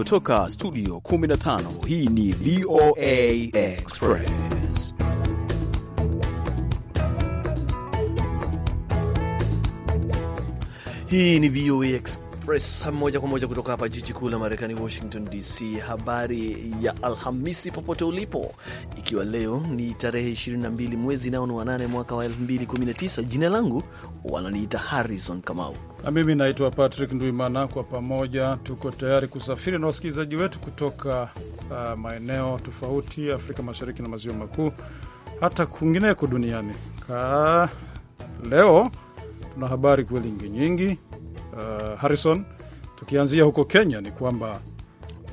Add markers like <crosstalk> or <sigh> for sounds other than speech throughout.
kutoka studio 15 hii ni VOA Express. Hii ni VOA Express. Express moja kwa moja kutoka hapa jiji kuu la Marekani, Washington DC. Habari ya Alhamisi popote ulipo, ikiwa leo ni tarehe 22 mwezi nao ni wanane mwaka wa 2019. Jina langu wananiita Harrison Kamau na mimi naitwa Patrick Nduimana. Kwa pamoja tuko tayari kusafiri na wasikilizaji wetu kutoka uh, maeneo tofauti Afrika Mashariki na Maziwa Makuu, hata kwingineko duniani. Ka leo tuna habari kweli nyingi uh, Harrison, tukianzia huko Kenya ni kwamba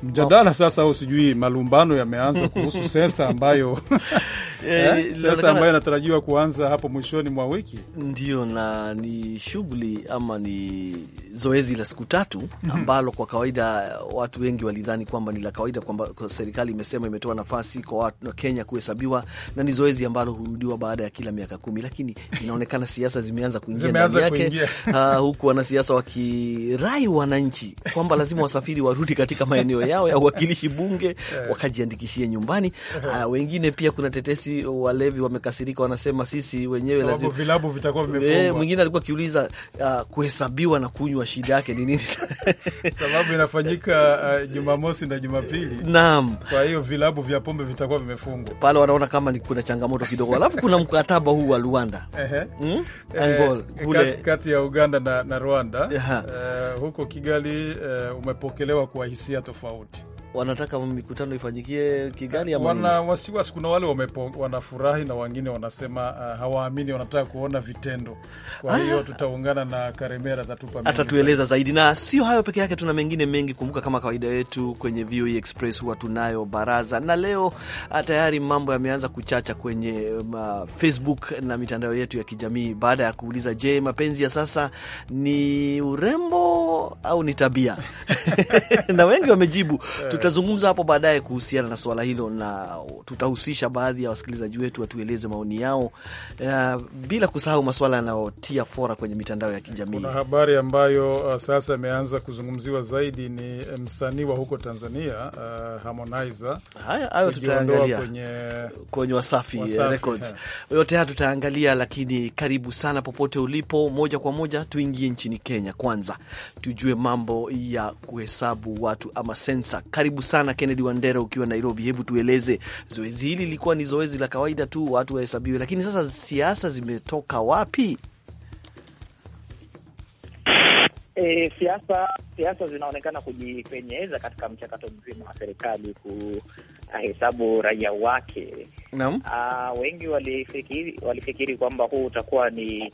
mjadala sasa au sijui malumbano yameanza kuhusu <laughs> sensa ambayo <laughs> eh, eh, sensa ambayo inatarajiwa kuanza hapo mwishoni mwa wiki, ndio na ni shughuli ama ni zoezi la siku tatu mhm. ambalo kwa kawaida watu wengi walidhani kwamba ni la kawaida, kwamba serikali imesema imetoa nafasi kwa watu Kenya kuhesabiwa na ni zoezi ambalo hurudiwa baada ya kila miaka kumi, lakini inaonekana <laughs> siasa zimeanza kuingia ndani yake uh, huku wanasiasa wakirai wananchi kwamba lazima wasafiri warudi katika maeneo <laughs> yao ya uwakilishi bunge <laughs> eh. wakajiandikishia nyumbani. Uh, <laughs> wengine pia kuna tetesi walevi wamekasirika, wanasema sisi wenyewe lazima vilabu vitakuwa eh, vimefungwa. Mwingine alikuwa akiuliza uh, kuhesabiwa na kunywa shida yake ni nini? sababu inafanyika uh, Jumamosi na Jumapili. Naam, kwa hiyo vilabu vya pombe vitakuwa vimefungwa pale, wanaona kama ni kuna changamoto kidogo. Alafu kuna mkataba huu wa Rwanda mm? Eh, Angola, kule kati ya Uganda na, na Rwanda uh, huko Kigali uh, umepokelewa kwa hisia tofauti don't. wanataka mikutano ifanyikie Kigali ama wana wasiwasi. Kuna wale wamepo, wanafurahi na wengine wanasema uh, hawaamini, wanataka kuona vitendo. Kwa hiyo ah. tutaungana na Karemera, atatupa atatueleza zaidi. Na sio hayo peke yake, tuna mengine mengi. Kumbuka kama kawaida yetu kwenye VOA e Express huwa tunayo baraza, na leo uh, tayari mambo yameanza kuchacha kwenye um, uh, Facebook na mitandao yetu ya kijamii baada ya kuuliza, je, mapenzi ya sasa ni urembo au ni tabia? <laughs> <laughs> na wengi wamejibu eh. Tutazungumza hapo baadaye kuhusiana na swala hilo, na tutahusisha baadhi ya wasikilizaji wetu watueleze maoni yao, uh, bila kusahau maswala yanayotia fora kwenye mitandao ya kijamii. Kuna habari ambayo uh, sasa imeanza kuzungumziwa zaidi ni eh, msanii wa huko Tanzania uh, Harmonizer. Haya hayo tutaangalia kwenye, kwenye Wasafi, eh, Wasafi Records. Yote haya tutaangalia, lakini karibu sana popote ulipo, moja kwa moja tuingie nchini Kenya kwanza, tujue mambo ya kuhesabu watu ama sensa. Karibu karibu sana Kennedy Wandera ukiwa Nairobi. Hebu tueleze, zoezi hili lilikuwa ni zoezi la kawaida tu, watu wahesabiwe, lakini sasa siasa zimetoka wapi? E, siasa siasa zinaonekana kujipenyeza katika mchakato mzima wa serikali kuhesabu raia wake. Naam. Aa, wengi walifikiri walifikiri kwamba huu utakuwa ni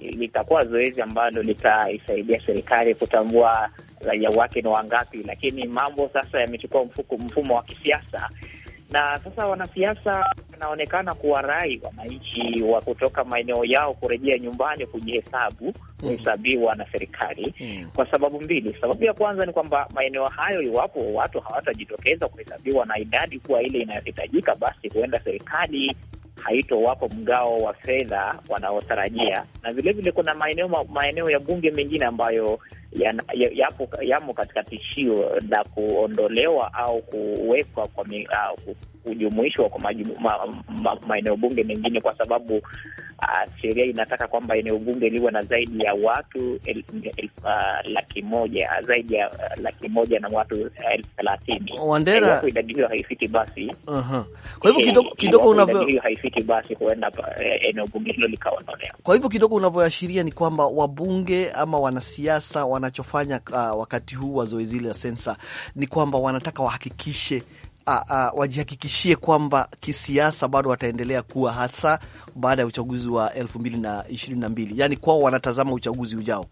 litakuwa zoezi ambalo litaisaidia serikali kutambua raia wake ni wangapi, lakini mambo sasa yamechukua mfumo wa kisiasa na sasa wanasiasa wanaonekana kuwa rai wananchi wa kutoka maeneo yao kurejea nyumbani kujihesabu, mm. kuhesabiwa mm. na serikali mm. kwa sababu mbili. Sababu ya kwanza ni kwamba maeneo hayo, iwapo watu hawatajitokeza kuhesabiwa na idadi kuwa ile inayohitajika, basi huenda serikali haitowapo mgao wa fedha wanaotarajia, na vilevile kuna maeneo maeneo ya bunge mengine ambayo yamo ya, ya, ya katika tishio la kuondolewa au kuwekwa kwa uh, kujumuishwa kwa maeneo ma, ma, bunge mengine, kwa sababu uh, sheria inataka kwamba eneo bunge liwe na zaidi ya watu el, el, uh, laki moja zaidi ya uh, laki moja na watu elfu thelathini. Oh, Wandera, idadi hiyo haifiti basi. uh -huh. Kwa hivyo eh, kidogo kidogo unavyo basi, huenda e, eneo bunge hilo likaondolewa. Kwa hivyo kidogo unavyoashiria ni kwamba wabunge ama wanasiasa wana wanachofanya uh, wakati huu wa zoezi la sensa ni kwamba wanataka wahakikishe uh, uh, wajihakikishie kwamba kisiasa bado wataendelea kuwa hasa baada ya uchaguzi wa elfu mbili na ishirini na mbili. yani kwao wanatazama uchaguzi ujao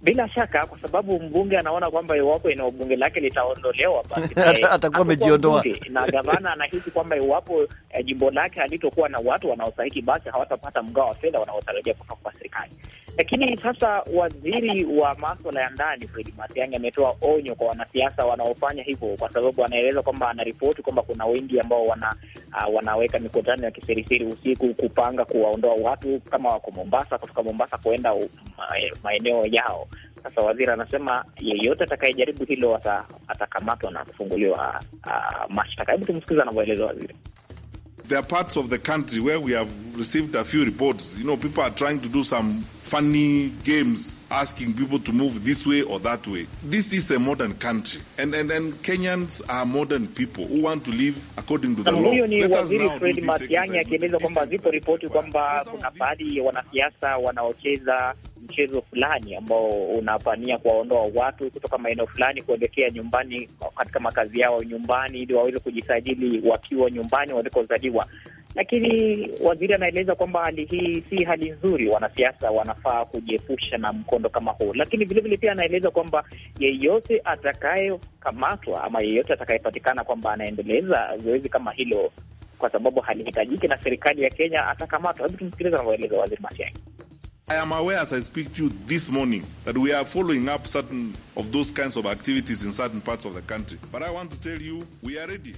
bila shaka, kwa sababu mbunge anaona kwamba iwapo eneo bunge lake litaondolewa, basi <laughs> eh, atakuwa amejiondoa, na gavana <laughs> anahisi kwamba iwapo eh, jimbo lake halitokuwa na watu wanaostahiki, basi hawatapata mgao wa fedha wanaotarajia kutoka kwa serikali. Lakini sasa waziri wa maswala ya ndani Fred Matiang'i ametoa onyo kwa wanasiasa wanaofanya hivyo, kwa sababu anaeleza kwamba anaripoti kwamba kuna wengi ambao wana uh, wanaweka mikutano ya kiseriseri usiku kupanga kuwaondoa watu kama wako Mombasa, kutoka Mombasa kuenda um, eh, maeneo yao sasa waziri anasema yeyote atakayejaribu hilo atakamatwa na kufunguliwa ah, ah, mashtaka. Hebu tumsikiza anavyoeleza waziri. There are parts of the country where we have received a few reports. You know, people are trying to do some funny games asking people to move this way or that way. This is a modern country and, and, and Kenyans are modern people who want to live according to the law. Huyo ni waziri Fred Matiang'i akieleza kwamba zipo ripoti kwamba kuna baadhi ya wanasiasa wanaocheza mchezo fulani ambao unapania kuwaondoa watu kutoka maeneo fulani kuelekea nyumbani katika makazi yao nyumbani, ili waweze kujisajili wakiwa nyumbani walikozaliwa. Lakini waziri anaeleza kwamba hali hii si hali nzuri, wanasiasa wanafaa kujiepusha na mkondo kama huu. Lakini vilevile pia anaeleza kwamba yeyote atakayekamatwa ama yeyote atakayepatikana kwamba anaendeleza zoezi kama hilo, kwa sababu halihitajiki na serikali ya Kenya, atakamatwa. Hebu tumsikiliza anavyoeleza waziri Matiang'i. I am aware as I speak to you this morning that we are following up certain of those kinds of activities in certain parts of the country. But I want to tell you we are ready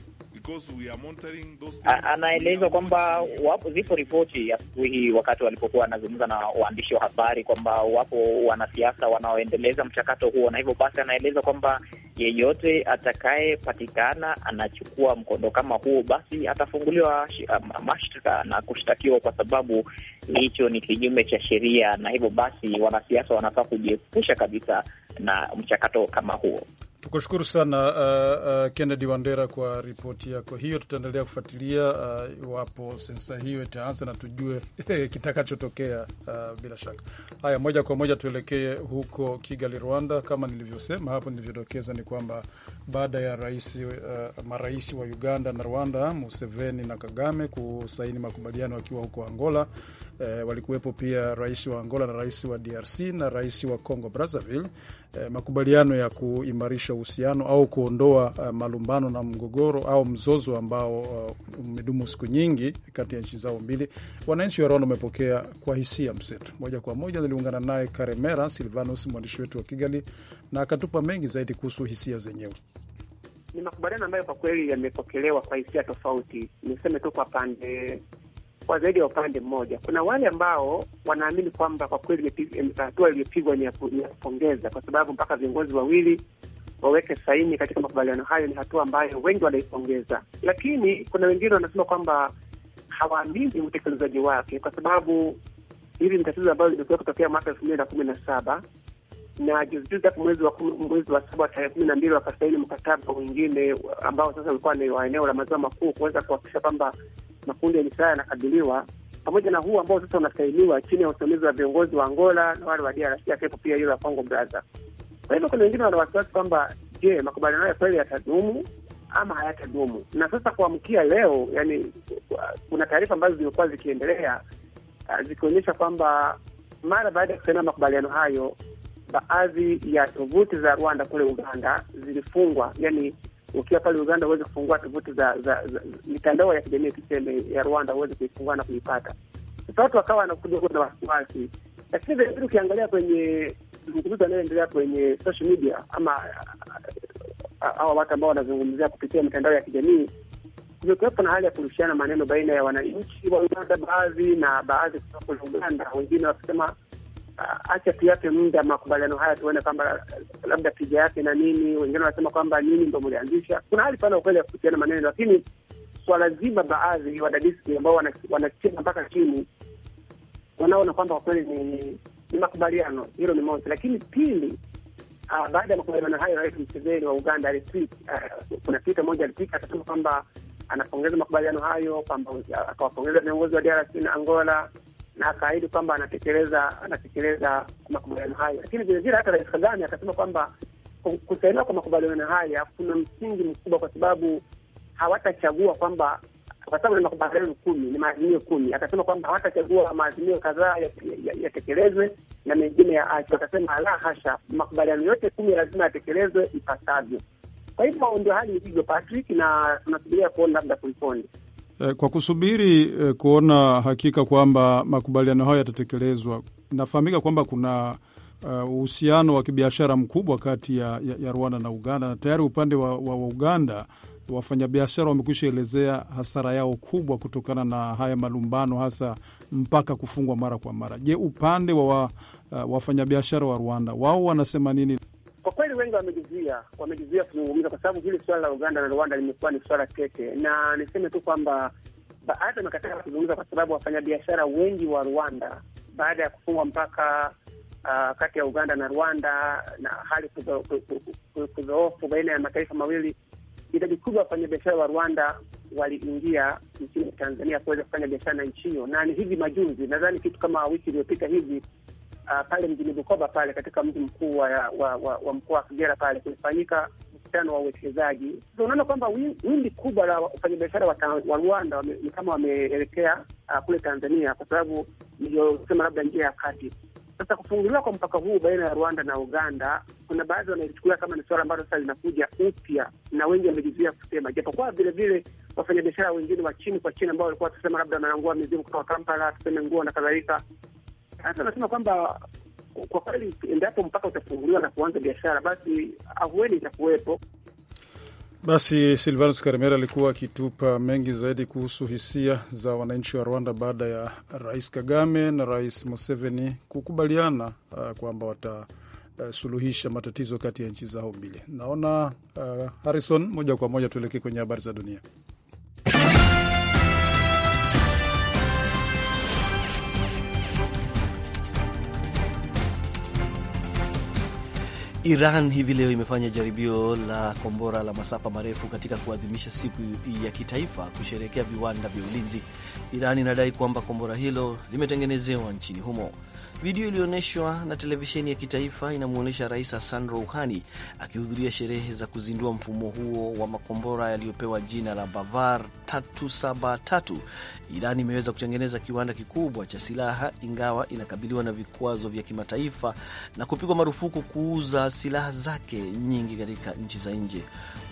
anaeleza kwamba wapo, zipo ripoti asubuhi hii wakati walipokuwa wanazungumza na waandishi wa habari kwamba wapo wanasiasa wanaoendeleza mchakato huo, na hivyo basi anaeleza kwamba yeyote atakayepatikana anachukua mkondo kama huo, basi atafunguliwa um, mashtaka na kushtakiwa, kwa sababu hicho ni kinyume cha sheria, na hivyo basi wanasiasa wanafaa kujiepusha kabisa na mchakato kama huo. Tukushukuru sana uh, uh, Kennedy Wandera kwa ripoti yako hiyo. Tutaendelea kufuatilia uh, iwapo uh, sensa hiyo itaanza na tujue eh, kitakachotokea. Uh, bila shaka, haya, moja kwa moja tuelekee huko Kigali, Rwanda. Kama nilivyosema hapo, nilivyodokeza ni kwamba baada ya rais, uh, marais wa Uganda na Rwanda, Museveni na Kagame kusaini makubaliano akiwa huko Angola. E, walikuwepo pia rais wa Angola na rais wa DRC na rais wa Congo Brazzaville, E, makubaliano ya kuimarisha uhusiano au kuondoa uh, malumbano na mgogoro au mzozo ambao uh, umedumu siku nyingi kati ya nchi zao mbili. Wananchi wa Rwanda wamepokea kwa hisia mseto. Moja kwa moja niliungana naye Karemera Silvanus, mwandishi wetu wa Kigali, na akatupa mengi zaidi kuhusu hisia zenyewe ni makubaliano ambayo kwa kweli yamepokelewa kwa hisia tofauti. Niseme tu kwa pande kwa zaidi ya upande mmoja, kuna wale ambao wanaamini kwamba kwa kweli hatua iliyopigwa ni ya kupongeza, kwa sababu mpaka viongozi wawili waweke saini katika makubaliano hayo ni hatua ambayo wengi wanaipongeza, lakini kuna wengine wanasema kwamba hawaamini utekelezaji wake, kwa sababu hili ni tatizo ambalo limekuwa kutokea mwaka elfu mbili na kumi na saba na juzijuzi hapo mwezi wa mwezi wa saba tarehe kumi na mbili wakasaini mkataba mwingine ambao sasa ulikuwa ni wa eneo la maziwa makuu kuweza kuhakikisha kwamba makundi ya misaa yanakabiliwa pamoja na huu ambao sasa unasainiwa chini ya usimamizi wa viongozi wa Angola na wale wa DRC akiwepo pia yule wa Congo Braza. Kwa hivyo kuna wengine wana wasiwasi kwamba je, makubaliano ya kweli yatadumu ama hayatadumu? Na sasa kuamkia leo, yani, kuna taarifa ambazo zimekuwa zikiendelea zikionyesha kwamba mara baada ya kusainiwa makubaliano hayo baadhi ya tovuti za Rwanda kule Uganda zilifungwa, yani ukiwa pale Uganda huwezi kufungua tovuti za, za, za mitandao ya kijamii tuseme ya Rwanda huwezi kuifungua na kuipata. Sasa watu wakawa wanakuja kuwa na wasiwasi, lakini vilevile ukiangalia kwenye mzungumzo anayoendelea kwenye social media ama hawa watu ambao wanazungumzia kupitia mitandao ya kijamii, kumekuwepo na hali ya kurushiana maneno baina ya wananchi wa Uganda baadhi na baadhi kutoka kule Uganda, wengine wakisema acha tuyape muda makubaliano haya, tuone kwamba uh, labda tija yake na nini. Wengine wanasema kwamba nini ndo mlianzisha. Kuna hali pana ukweli ya kupikiana maneno, lakini swala zima, baadhi wadadisi ambao wanachema mpaka chini wanaona kwamba kwa kweli ni, ni makubaliano. Hilo ni moja, lakini pili Uh, baada ya makubaliano hayo, Rais Museveni wa Uganda alitweet, uh, kuna twita moja alitweet akasema kwamba anapongeza makubaliano hayo, kwamba uh, akawapongeza viongozi wa DRC na Angola na akaahidi kwamba anatekeleza anatekeleza makubaliano hayo. Lakini vilevile hata Rais Kagame akasema kwamba kusainiwa kwa makubaliano haya kuna msingi mkubwa, kwa sababu hawatachagua kwamba kwa sababu ni makubaliano kumi, ni maazimio kumi. Akasema kwamba hawatachagua maazimio kadhaa yatekelezwe na mengine ya achi. Akasema la hasha, makubaliano yote kumi lazima yatekelezwe ipasavyo. Kwa hivyo ndio hali ilivyo Patrick, na tunasubiria kuona labda kulikoni. Eh, kwa kusubiri eh, kuona hakika kwamba makubaliano hayo yatatekelezwa. Nafahamika kwamba kuna eh, uhusiano wa kibiashara mkubwa kati ya, ya, ya Rwanda na Uganda na tayari upande wa, wa, wa Uganda wafanyabiashara wamekwisha elezea hasara yao kubwa kutokana na haya malumbano, hasa mpaka kufungwa mara kwa mara. Je, upande wa, wa wafanyabiashara wa Rwanda wao wanasema nini? Kwa kweli wengi wamejizuia, wamejizuia kuzungumza kwa sababu hili swala la Uganda na Rwanda limekuwa ni swala tete, na niseme tu kwamba baadhi wamekataa kuzungumza kwa sababu wafanyabiashara wengi wa Rwanda baada ya kufungwa mpaka uh, kati ya Uganda na Rwanda na hali kudhoofu baina ya mataifa mawili, idadi kubwa ya wafanyabiashara wa Rwanda waliingia nchini Tanzania kuweza kufanya biashara na nchi hiyo, na ni hivi majuzi, nadhani kitu kama wiki iliyopita hivi uh, pale mjini Bukoba pale katika mji mkuu wa, wa, wa, wa mkoa wa Kagera pale kulifanyika mkutano wa uwekezaji. So, unaona kwamba wimbi kubwa la wafanyabiashara wa Rwanda ni kama wameelekea uh, kule Tanzania kwa sababu niliyosema labda njia ya kati sasa kufunguliwa kwa mpaka huu baina ya Rwanda na Uganda, kuna baadhi wanaichukulia kama ni suala ambalo sasa linakuja upya, na wengi wamejizuia kusema, japokuwa vilevile wafanyabiashara wengine wa chini kwa chini ambao walikuwa tusema labda wanangua mizigo kutoka Kampala, tuseme nguo na kadhalika, sasa nasema kwamba kwa kweli, endapo mpaka utafunguliwa na kuanza biashara, basi ahueni itakuwepo. Basi Silvanus Karimera alikuwa akitupa mengi zaidi kuhusu hisia za wananchi wa Rwanda baada ya Rais Kagame na Rais Museveni kukubaliana uh, kwamba watasuluhisha uh, matatizo kati ya nchi zao mbili. Naona uh, Harrison, moja kwa moja tuelekee kwenye habari za dunia. Iran hivi leo imefanya jaribio la kombora la masafa marefu katika kuadhimisha siku ya kitaifa kusherehekea viwanda vya ulinzi. Iran inadai kwamba kombora hilo limetengenezewa nchini humo. Video iliyoonyeshwa na televisheni ya kitaifa inamwonyesha Rais Hassan Rouhani akihudhuria sherehe za kuzindua mfumo huo wa makombora yaliyopewa jina la Bavar 373. Iran imeweza kutengeneza kiwanda kikubwa cha silaha, ingawa inakabiliwa na vikwazo vya kimataifa na kupigwa marufuku kuuza silaha zake nyingi katika nchi za nje.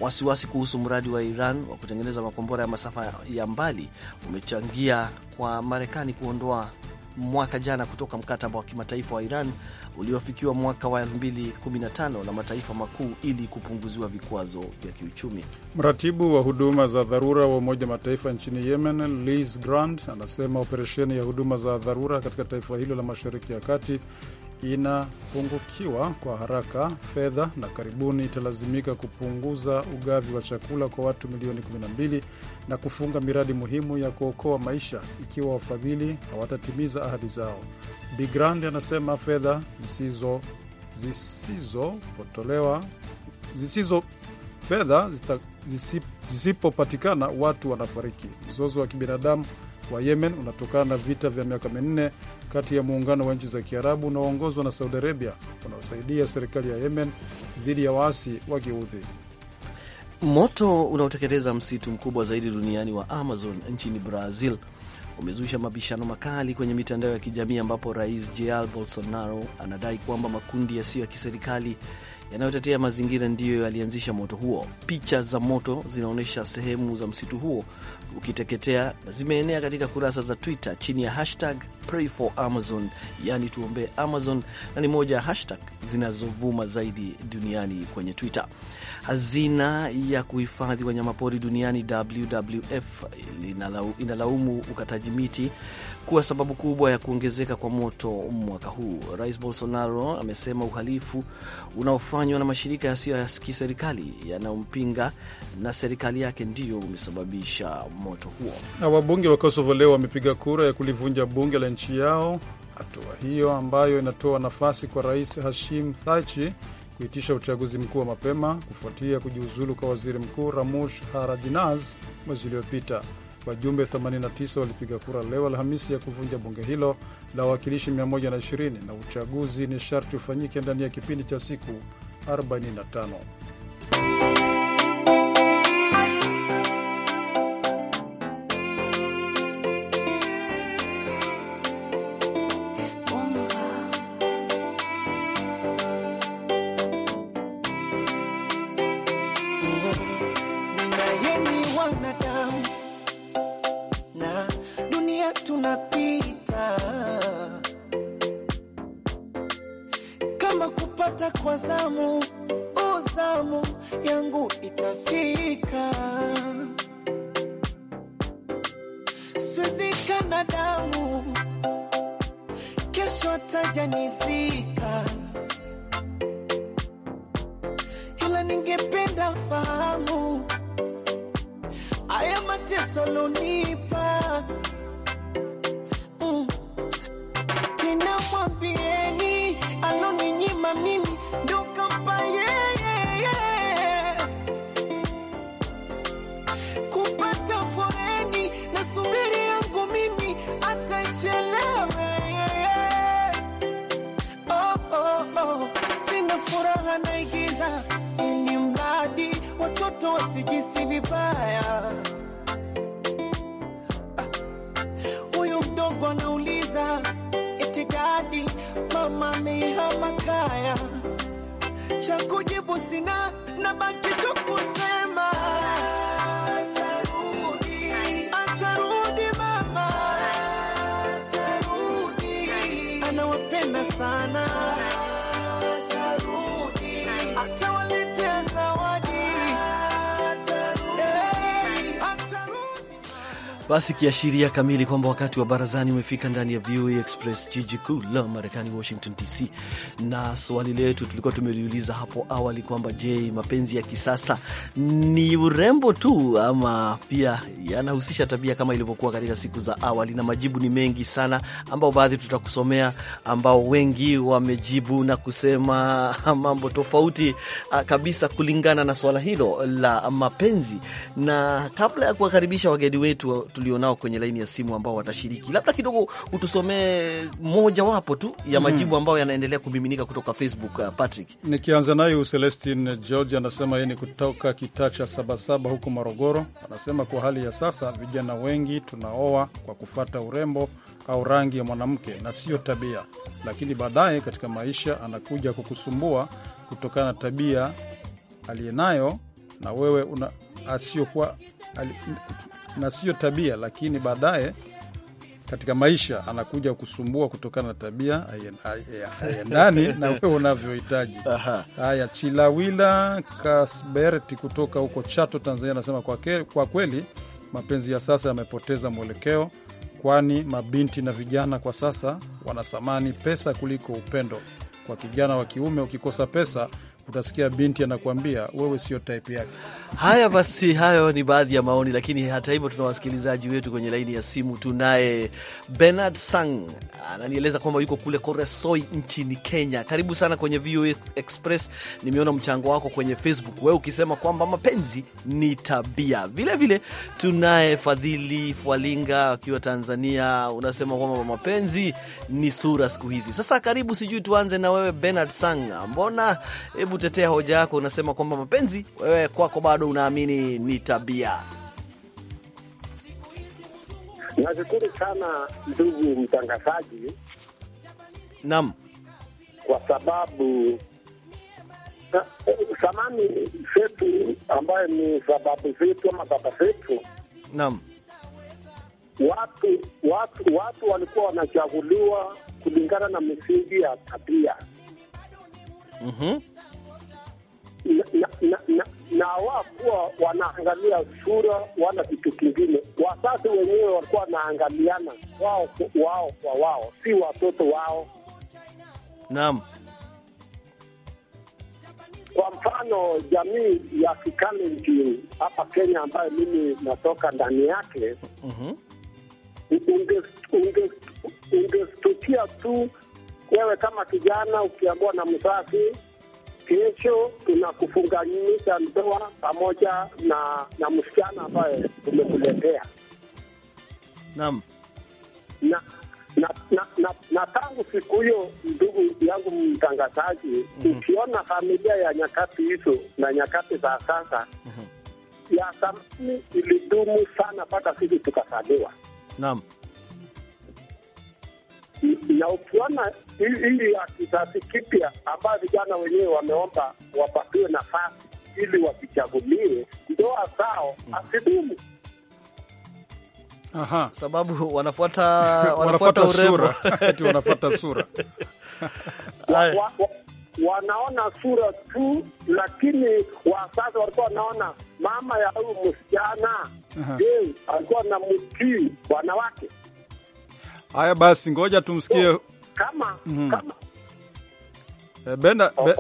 Wasiwasi kuhusu mradi wa Iran wa kutengeneza makombora ya masafa ya mbali umechangia kwa Marekani kuondoa mwaka jana kutoka mkataba wa kimataifa wa Iran uliofikiwa mwaka wa 2015 na mataifa makuu ili kupunguziwa vikwazo vya kiuchumi. Mratibu wa huduma za dharura wa Umoja Mataifa nchini Yemen, Liz Grant, anasema operesheni ya huduma za dharura katika taifa hilo la Mashariki ya Kati inapungukiwa kwa haraka fedha na karibuni italazimika kupunguza ugavi wa chakula kwa watu milioni 12 na kufunga miradi muhimu ya kuokoa maisha ikiwa wafadhili hawatatimiza ahadi zao. Bigrand anasema fedha zisizo zisizopotolewa zisizo fedha zisipopatikana watu wanafariki. Mzozo wa kibinadamu wa Yemen unatokana na vita vya miaka minne kati ya muungano wa nchi za Kiarabu unaoongozwa na Saudi Arabia unaosaidia serikali ya Yemen dhidi ya waasi wa Kiudhi. Moto unaotekeleza msitu mkubwa zaidi duniani wa Amazon nchini Brazil umezusha mabishano makali kwenye mitandao ya kijamii ambapo rais Jair Bolsonaro anadai kwamba makundi yasiyo ya kiserikali yanayotetea mazingira ndiyo yalianzisha moto huo. Picha za moto zinaonyesha sehemu za msitu huo ukiteketea na zimeenea katika kurasa za Twitter chini ya hashtag Pray for Amazon, yaani tuombee Amazon, na ni moja ya hashtag zinazovuma zaidi duniani kwenye Twitter. Hazina ya kuhifadhi wanyamapori duniani WWF inalaumu ukataji miti kuwa sababu kubwa ya kuongezeka kwa moto mwaka huu. Rais Bolsonaro amesema uhalifu unaofanywa na mashirika yasiyo ya kiserikali yanayompinga na serikali yake ndiyo umesababisha moto huo. Na wabunge wa Kosovo leo wamepiga kura ya kulivunja bunge la nchi yao, hatua hiyo ambayo inatoa nafasi kwa Rais Hashim Thachi kuitisha uchaguzi mkuu wa mapema kufuatia kujiuzulu kwa waziri mkuu Ramush Haradinaj mwezi uliopita. Wajumbe 89 walipiga kura leo Alhamisi ya kuvunja bunge hilo la wawakilishi 120 na uchaguzi ni sharti ufanyike ndani ya kipindi cha siku 45. ningependa fahamu haya mateso lonipa mm. Ninamwambieni aloninyima mimi ndo kampa yeye kupata foreni na subiri yangu mimi atachelewe oh, oh, oh. Sina furaha naigiza watoto wasijisi vibaya. Ah, huyu ah, mdogo anauliza eti dadi, mama amehama kaya. Cha kujibu sina, na baki tu kusema sana Basi kiashiria kamili kwamba wakati wa barazani umefika ndani ya VOA Express, jiji kuu la Marekani, Washington DC, na swali letu tulikuwa tumeliuliza hapo awali kwamba je, mapenzi ya kisasa ni urembo tu ama pia yanahusisha tabia kama ilivyokuwa katika siku za awali? Na majibu ni mengi sana, ambao baadhi tutakusomea, ambao wengi wamejibu na kusema <laughs> mambo tofauti ah, kabisa kulingana na swala hilo la mapenzi. Na kabla ya kuwakaribisha wageni wetu tulionao kwenye laini ya simu ambao watashiriki. Labda kidogo utusomee mojawapo tu ya mm-hmm. majibu ambayo yanaendelea kumiminika kutoka Facebook. Uh, Patrick, nikianza naye Celestin George anasema yeye ni kutoka kitaa cha Sabasaba huku Morogoro. Anasema kwa hali ya sasa vijana wengi tunaoa kwa kufata urembo au rangi ya mwanamke na sio tabia, lakini baadaye katika maisha anakuja kukusumbua kutokana na tabia aliyenayo na wewe una asiyokuwa na sio tabia, lakini baadaye katika maisha anakuja kusumbua kutokana na tabia aendani na wewe unavyohitaji. Haya, Chilawila Kasberti kutoka huko Chato, Tanzania, anasema kwa, kwa kweli mapenzi ya sasa yamepoteza mwelekeo, kwani mabinti na vijana kwa sasa wanasamani pesa kuliko upendo. Kwa kijana wa kiume ukikosa pesa utasikia binti anakuambia wewe sio type yake. Haya basi, hayo ni baadhi ya maoni, lakini hata hivyo tuna wasikilizaji wetu kwenye laini ya simu. Tunaye Bernard Sang ananieleza kwamba yuko kule Koresoi nchini Kenya. Karibu sana kwenye VOA Express. Nimeona mchango wako kwenye Facebook, wewe ukisema kwamba mapenzi ni tabia. Vilevile tunaye Fadhili Fwalinga akiwa Tanzania, unasema kwamba mapenzi ni sura siku hizi. Sasa karibu, sijui tuanze na wewe Bernard Sang, mbona hebu kutetea hoja yako, unasema kwamba mapenzi wewe kwako bado unaamini ni tabia. Nashukuru sana ndugu mtangazaji. Naam, kwa sababu thamani eh, zetu ambayo ni sababu zetu ama baba zetu, naam, watu watu watu walikuwa wanachaguliwa kulingana na misingi ya tabia. mm -hmm na, wakuwa wanaangalia sura wala kitu kingine. Wasasi wenyewe walikuwa wanaangaliana wao wao kwa wao, si watoto wao. Naam. Kwa mfano jamii ya Kikalenjin hapa Kenya, ambayo mimi natoka ndani yake, mm-hmm. ungestukia tu wewe kama kijana ukiambiwa na mzazi Kesho tunakufunganisha ndoa pamoja na na msichana ambaye tumekuletea. Naam, na na na, na, na tangu siku hiyo, ndugu yangu mtangazaji, mm -hmm. Ukiona familia ya nyakati hizo na nyakati za sasa mm -hmm. ya zamani ilidumu sana mpaka sisi tukasaliwa. Naam ukiona hili ya kizazi kipya ambayo vijana wenyewe wameomba wapatiwe nafasi ili wajichagulie ndoa zao hmm. asidumu. Aha. Sababu wanafuata <laughs> wanafuata <laughs> eti wanafuata sura wa, wa, wa, wanaona sura tu, lakini wazazi walikuwa wanaona mama ya huyu msichana, je, alikuwa na mtii wanawake Haya basi, ngoja tumsikie oh, kama, mm. kama. Eh, oh,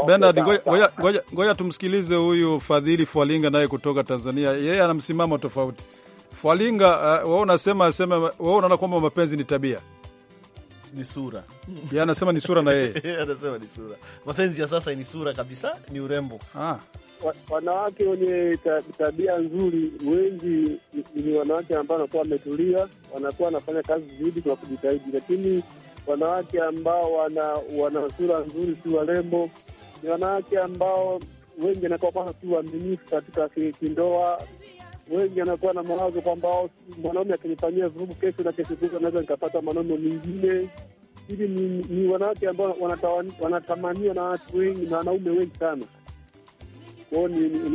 Bernard oh, ngoja, ngoja, ngoja, ngoja tumsikilize huyu Fadhili Fwalinga naye kutoka Tanzania. Yeye ana msimamo tofauti. Fwalinga, uh, eh, wewe unasema asema wewe unaona kwamba mapenzi ni tabia ni sura <laughs> yeye anasema ni sura na <laughs> yeye anasema ni sura. Mapenzi ya sasa ni sura kabisa, ni urembo ah wanawake wenye tabia nzuri wengi ni wanawake ambao wanakuwa wametulia, wanakuwa wanafanya kazi zaidi kwa kujitahidi, lakini wanawake ambao wana wana sura nzuri, si warembo, ni wanawake ambao wengi anakuwa kwanza si waaminifu katika kindoa. Wengi anakuwa na mawazo kwamba mwanaume akinifanyia vurugu kesho na kesho kuza naweza nikapata mwanaume mwingine. Hivi ni, ni wanawake ambao wanatamaniwa na watu wengi na wanaume wengi sana kwao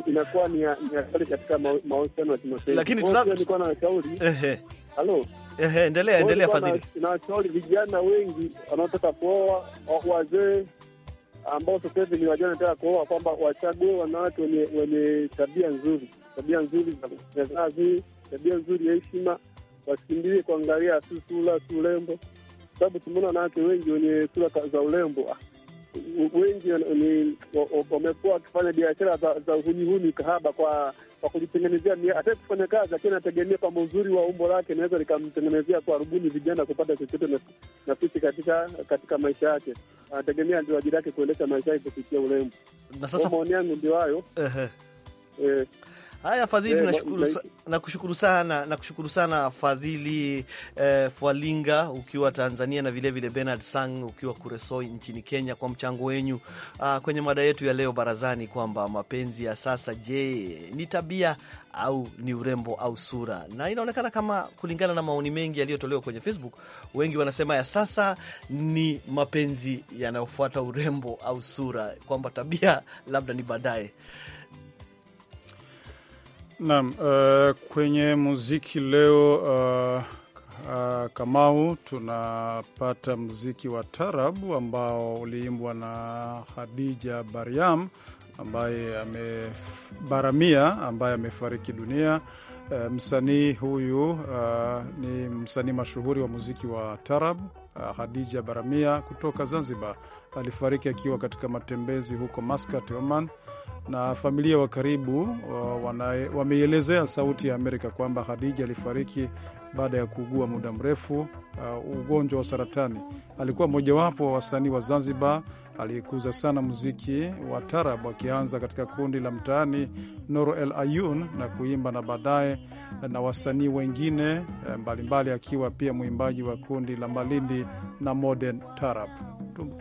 inakuwa ni hatari katika mahusiano ya kimataifa. Lakini na washauri halo, endelea endelea Fadhili, na vijana wengi wanaotaka kuoa, wazee ambao sasa hivi ni wajana wanataka kuoa, kwamba wachague wanawake wenye tabia nzuri, tabia nzuri za tabia nzuri ya heshima, wasikimbilie kuangalia tu sura, tu urembo, kwa sababu tumeona wanawake wengi wenye sura za urembo wengi wamekuwa wakifanya biashara za hunihuni kahaba kwa kwa kujitengenezea mia, hata kufanya kazi, lakini anategemea kwamba uzuri wa umbo lake naweza likamtengenezea kwa rubuni vijana kupata chochote na sisi katika katika maisha yake. Anategemea ndio ajili yake kuendesha maisha yake kupitia urembo. Na sasa maoni yangu ndio hayo. eh Haya Fadhili, eh, nashukuru nakushukuru sana nakushukuru sana Fadhili eh, Fwalinga ukiwa Tanzania na vilevile Bernard Sang ukiwa Kuresoi nchini Kenya kwa mchango wenyu ah, kwenye mada yetu ya leo barazani, kwamba mapenzi ya sasa, je, ni tabia au ni urembo au sura? Na inaonekana kama kulingana na maoni mengi yaliyotolewa kwenye Facebook, wengi wanasema ya sasa ni mapenzi yanayofuata urembo au sura, kwamba tabia labda ni baadaye. Naam, uh, kwenye muziki leo uh, uh, Kamau, tunapata muziki wa tarabu ambao uliimbwa na Khadija Bariam ambaye amebaramia ambaye amefariki dunia. Uh, msanii huyu uh, ni msanii mashuhuri wa muziki wa tarab uh, Hadija Baramia kutoka Zanzibar alifariki akiwa katika matembezi huko Maskat, Oman, na familia wa karibu wameielezea Sauti ya Amerika kwamba Hadija alifariki baada ya kuugua muda mrefu uh, ugonjwa wa saratani. Alikuwa mmojawapo wa wasanii wa Zanzibar aliyekuza sana muziki wa tarab, akianza katika kundi la mtaani Noro El Ayun na kuimba na baadaye na wasanii wengine eh, mbalimbali mbali, akiwa pia mwimbaji wa kundi la Malindi na Modern Tarab.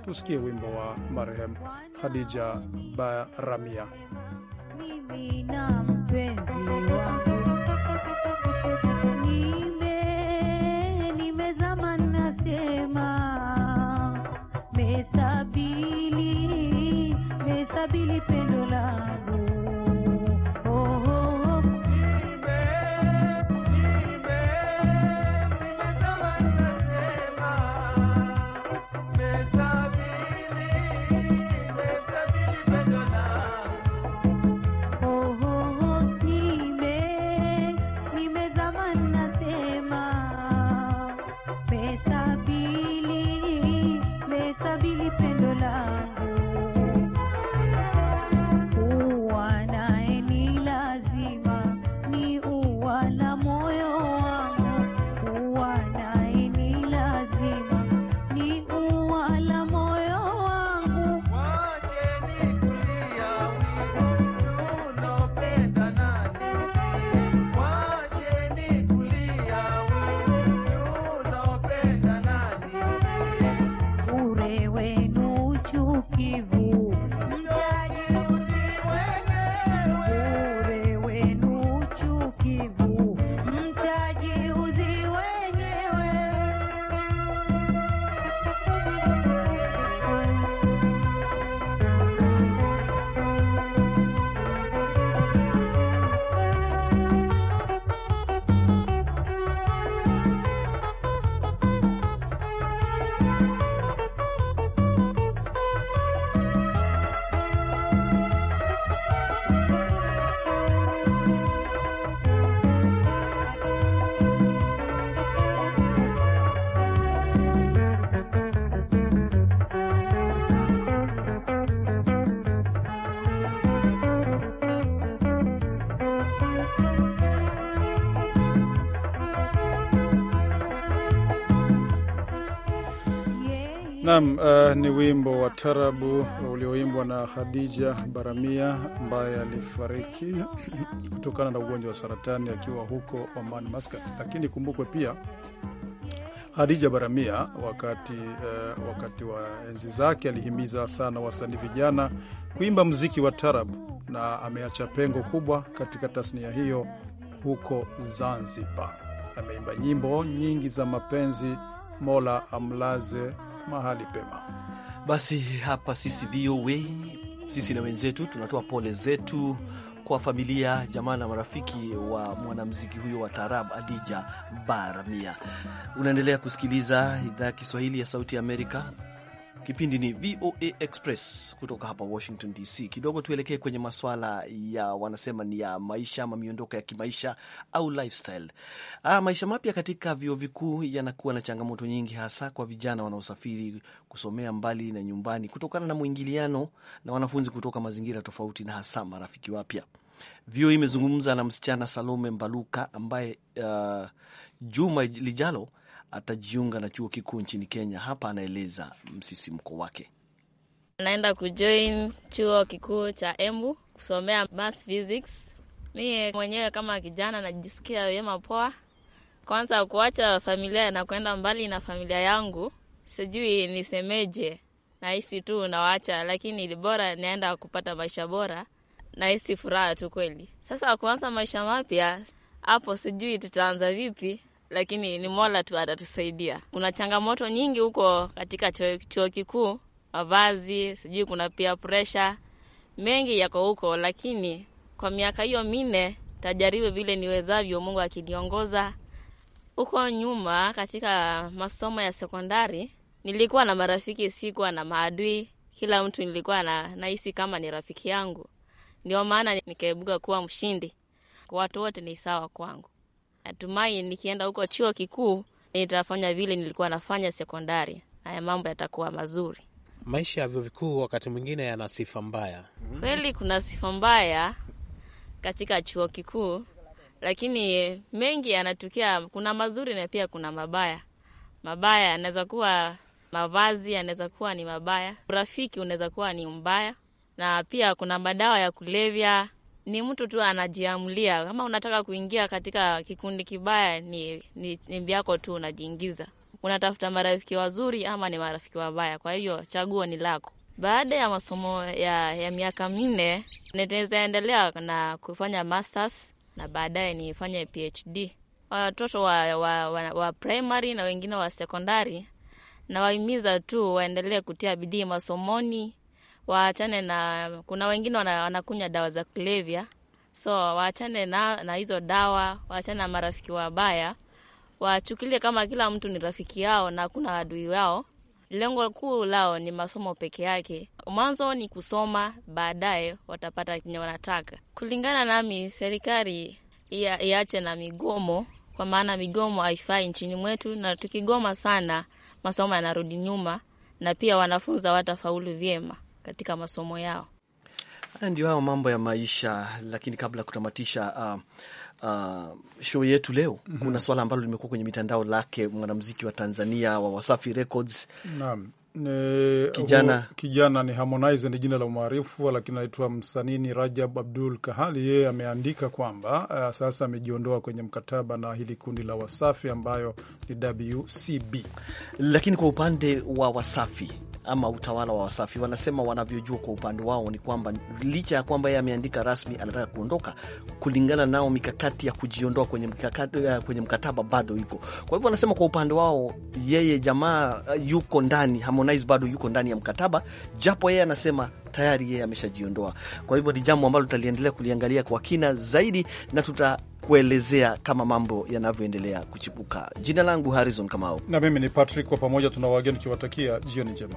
Tusikie wimbo wa marehemu Khadija Baramia. Naam, uh, ni wimbo wa tarabu ulioimbwa na Khadija Baramia ambaye alifariki <clears throat> kutokana na ugonjwa wa saratani akiwa huko Oman Muscat. Lakini kumbukwe pia Khadija Baramia wakati, uh, wakati wa enzi zake alihimiza sana wasanii vijana kuimba mziki wa tarabu na ameacha pengo kubwa katika tasnia hiyo huko Zanzibar. Ameimba nyimbo nyingi za mapenzi, Mola amlaze mahali pema. Basi hapa sisi VOA, sisi na wenzetu tunatoa pole zetu kwa familia, jamaa na marafiki wa mwanamziki huyo wa taarab Adija Baramia. Unaendelea kusikiliza idhaa ya Kiswahili ya Sauti ya Amerika Kipindi ni VOA Express kutoka hapa Washington DC. Kidogo tuelekee kwenye maswala ya wanasema ni ya maisha ama miondoko ya kimaisha au lifestyle. Aa, ah, maisha mapya katika vyuo vikuu yanakuwa na changamoto nyingi, hasa kwa vijana wanaosafiri kusomea mbali na nyumbani, kutokana na mwingiliano na wanafunzi kutoka mazingira tofauti na hasa marafiki wapya. Vyo imezungumza na msichana Salome Mbaluka ambaye uh, juma lijalo atajiunga na chuo kikuu nchini Kenya. Hapa anaeleza msisimko wake. Naenda kujoin chuo kikuu cha Embu kusomea mass physics. Mie mwenyewe kama kijana najisikia wema poa, kwanza kuacha familia na kwenda mbali na familia yangu, sijui nisemeje. Nahisi tu nawacha, lakini ilibora naenda kupata maisha bora. Nahisi furaha tu kweli. Sasa kuanza maisha mapya hapo, sijui tutaanza vipi lakini ni Mola tu atatusaidia. Kuna changamoto nyingi huko katika chuo kikuu, mavazi, sijui kuna pia presha mengi yako huko, lakini kwa miaka hiyo minne tajaribu vile niwezavyo, Mungu akiniongoza. Huko nyuma katika masomo ya sekondari nilikuwa na marafiki, sikuwa na maadui. Kila mtu nilikuwa na nahisi kama ni rafiki yangu, ndio maana nikaibuka kuwa mshindi. Watu wote ni sawa kwangu. Natumai nikienda huko chuo kikuu nitafanya vile nilikuwa nafanya sekondari, haya mambo yatakuwa mazuri. Maisha ya vyuo vikuu wakati mwingine yana sifa mbaya mm-hmm. kweli. Kuna sifa mbaya katika chuo kikuu, lakini mengi yanatukia Kuna mazuri na pia kuna mabaya. Mabaya yanaweza kuwa mavazi, yanaweza kuwa ni mabaya, urafiki unaweza kuwa ni mbaya, na pia kuna madawa ya kulevya ni mtu tu anajiamulia. Kama unataka kuingia katika kikundi kibaya, ni ni, ni vyako tu, unajiingiza. Unatafuta marafiki wazuri ama ni marafiki wabaya, kwa hiyo chaguo ni lako. Baada ya masomo ya, ya miaka minne nitaendelea na kufanya masters na baadaye nifanye PhD. Watoto wa, wa, wa, wa primary na wengine wa sekondari, nawahimiza tu waendelee kutia bidii masomoni waachane na, kuna wengine wanakunywa dawa za kulevya, so waachane na, na hizo dawa, waachane na marafiki wabaya, wachukilie kama kila mtu ni rafiki yao na kuna adui wao. Lengo kuu lao ni masomo peke yake. Mwanzo ni kusoma, baadaye watapata kenye wanataka. Kulingana nami, serikali iache na migomo, kwa maana migomo haifai nchini mwetu, na tukigoma sana masomo yanarudi nyuma, na pia wanafunzi hawatafaulu vyema katika masomo yao. Haya ndio hayo mambo ya maisha. Lakini kabla ya kutamatisha uh, uh, show yetu leo mm -hmm. kuna swala ambalo limekuwa kwenye mitandao lake mwanamziki wa Tanzania wa Wasafi Records. Naam. kijana kijana ni Harmonize ni jina la umaarifu lakini anaitwa msanii ni Rajab Abdul Kahali. Yeye ameandika kwamba uh, sasa amejiondoa kwenye mkataba na hili kundi la Wasafi ambayo ni WCB. Lakini kwa upande wa Wasafi ama utawala wa Wasafi, wanasema wanavyojua kwa upande wao ni kwamba licha ya kwamba yeye ameandika rasmi anataka kuondoka, kulingana nao mikakati ya kujiondoa kwenye, eh, kwenye mkataba bado iko. Kwa hivyo wanasema kwa upande wao yeye jamaa eh, yuko ndani, Harmonize bado yuko ndani ya mkataba, japo yeye anasema tayari yeye ameshajiondoa. Kwa hivyo ni jambo ambalo tutaliendelea kuliangalia kwa kina zaidi na tutakuelezea kama mambo yanavyoendelea kuchipuka. Jina langu Harrison Kamau na mimi ni Patrick, kwa pamoja tuna wageni tukiwatakia jioni njema.